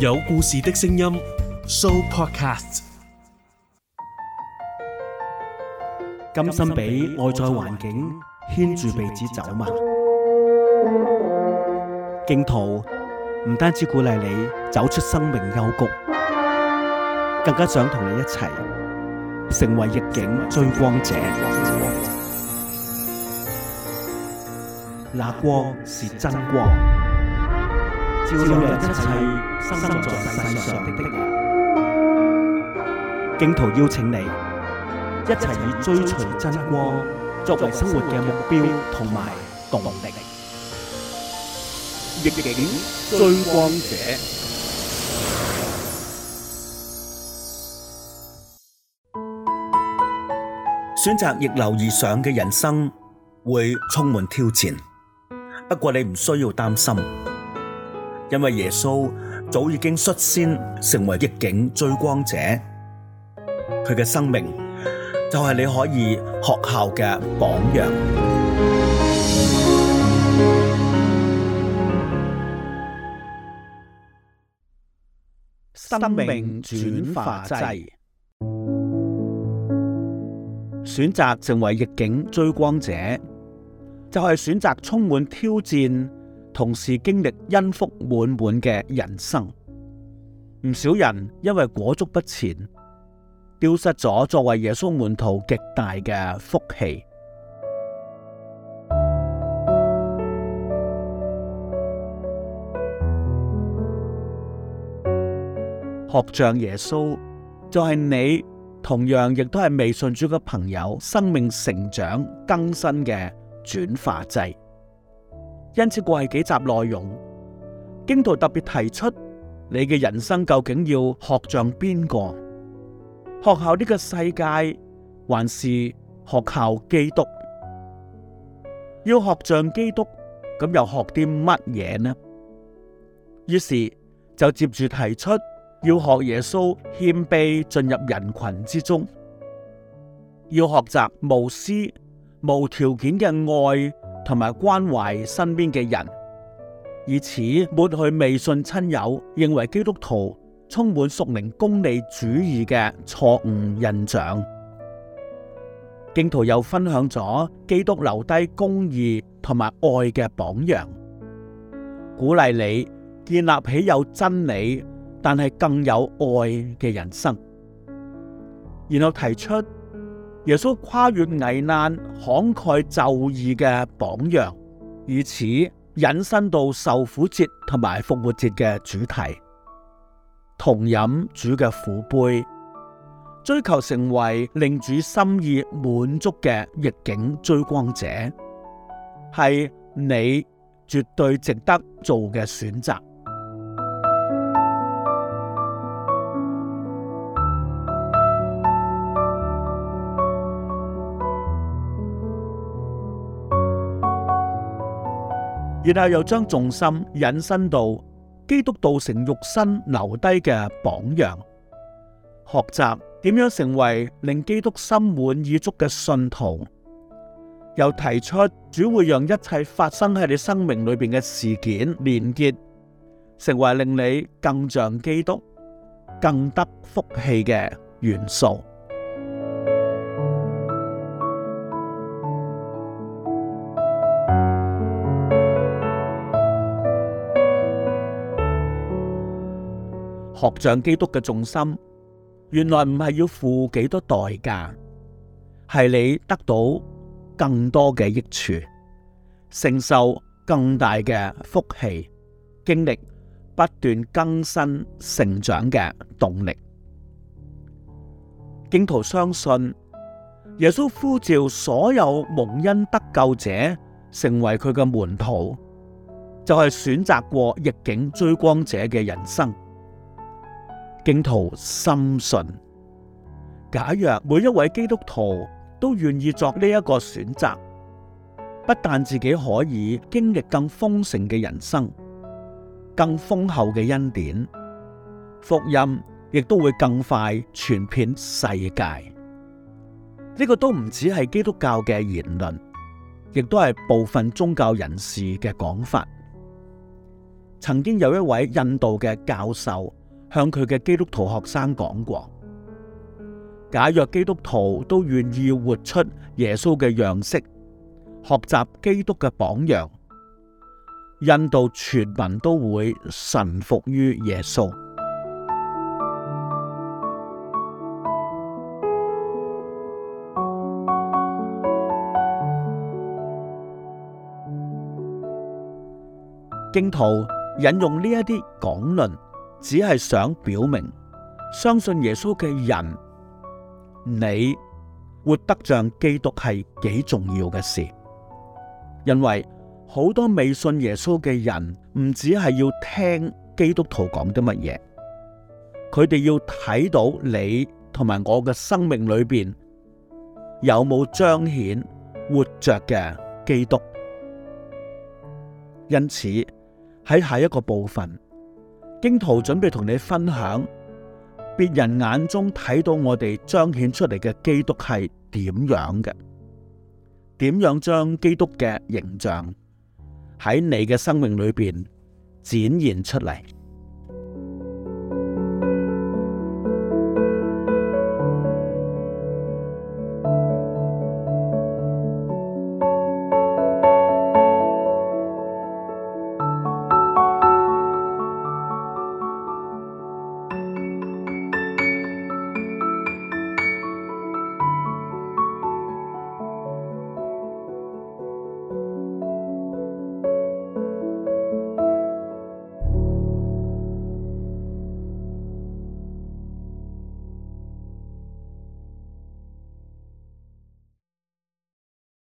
有故事的聲音，Show Podcast。甘心俾外在環境牽住鼻子走嘛？荊徒唔單止鼓勵你走出生命幽谷，更加想同你一齊成為逆境追光者。那光是真光。照亮一切生在世上的的人，荊徒邀請你一齊以追隨真光作為生活嘅目標同埋動力，逆境追光者。選擇逆流而上嘅人生會充滿挑戰，不過你唔需要擔心。因為耶穌早已經率先成為逆境追光者，佢嘅生命就係你可以學效嘅榜樣。生命轉化劑，制選擇成為逆境追光者，就係、是、選擇充滿挑戰。同時經歷恩福滿滿嘅人生，唔少人因為裹足不前，丟失咗作為耶穌門徒極大嘅福氣。學像耶穌就係、是、你，同樣亦都係微信主嘅朋友，生命成長更新嘅轉化劑。因此過去幾集內容，荊徒特別提出，你嘅人生究竟要學像邊個？學效呢個世界還是學效基督？要學像基督，咁又學啲乜嘢呢？於是就接住提出要學耶穌謙卑進入人群之中，要學習無私、無條件嘅愛。同埋關懷身邊嘅人，以此抹去未信親友認為基督徒充滿宿命功利主義嘅錯誤印象。荊徒又分享咗基督留低公義同埋愛嘅榜樣，鼓勵你建立起有真理但係更有愛嘅人生。然後提出。耶穌跨越危難、慷慨就義嘅榜樣，以此引申到受苦節同埋復活節嘅主題。同飲主嘅苦杯，追求成為令主心意滿足嘅逆境追光者，係你絕對值得做嘅選擇。然後又將重心引申到基督道成肉身留低嘅榜樣，學習點樣成為令基督心滿意足嘅信徒，又提出主會讓一切發生喺你生命裏邊嘅事件連結，成為令你更像基督、更得福氣嘅元素。學像基督嘅重心，原來唔係要付幾多代價，係你得到更多嘅益處，承受更大嘅福氣，經歷不斷更新成長嘅動力。荊徒相信耶穌呼召所有蒙恩得救者成為佢嘅門徒，就係選擇過逆境追光者嘅人生。基督徒深信，假若每一位基督徒都願意作呢一個選擇，不但自己可以經歷更豐盛嘅人生、更豐厚嘅恩典，福音亦都會更快傳遍世界。呢個都唔止係基督教嘅言論，亦都係部分宗教人士嘅講法。曾經有一位印度嘅教授，向佢嘅基督徒學生講過：「假若基督徒都願意活出耶穌嘅樣式，學習基督嘅榜樣，印度全民都會臣服於耶穌。荊徒引用呢一啲講論。只係想表明，相信耶穌嘅人，你活得像基督係幾重要嘅事。因為好多未信耶穌嘅人，唔止係要聽基督徒講啲乜嘢，佢哋要睇到你同埋我嘅生命裏面有冇彰顯活着嘅基督。因此，喺下一個部分。荊徒準備同你分享，別人眼中睇到我哋彰顯出嚟嘅基督係點樣嘅？點樣將基督嘅形象喺你嘅生命裏邊展現出嚟？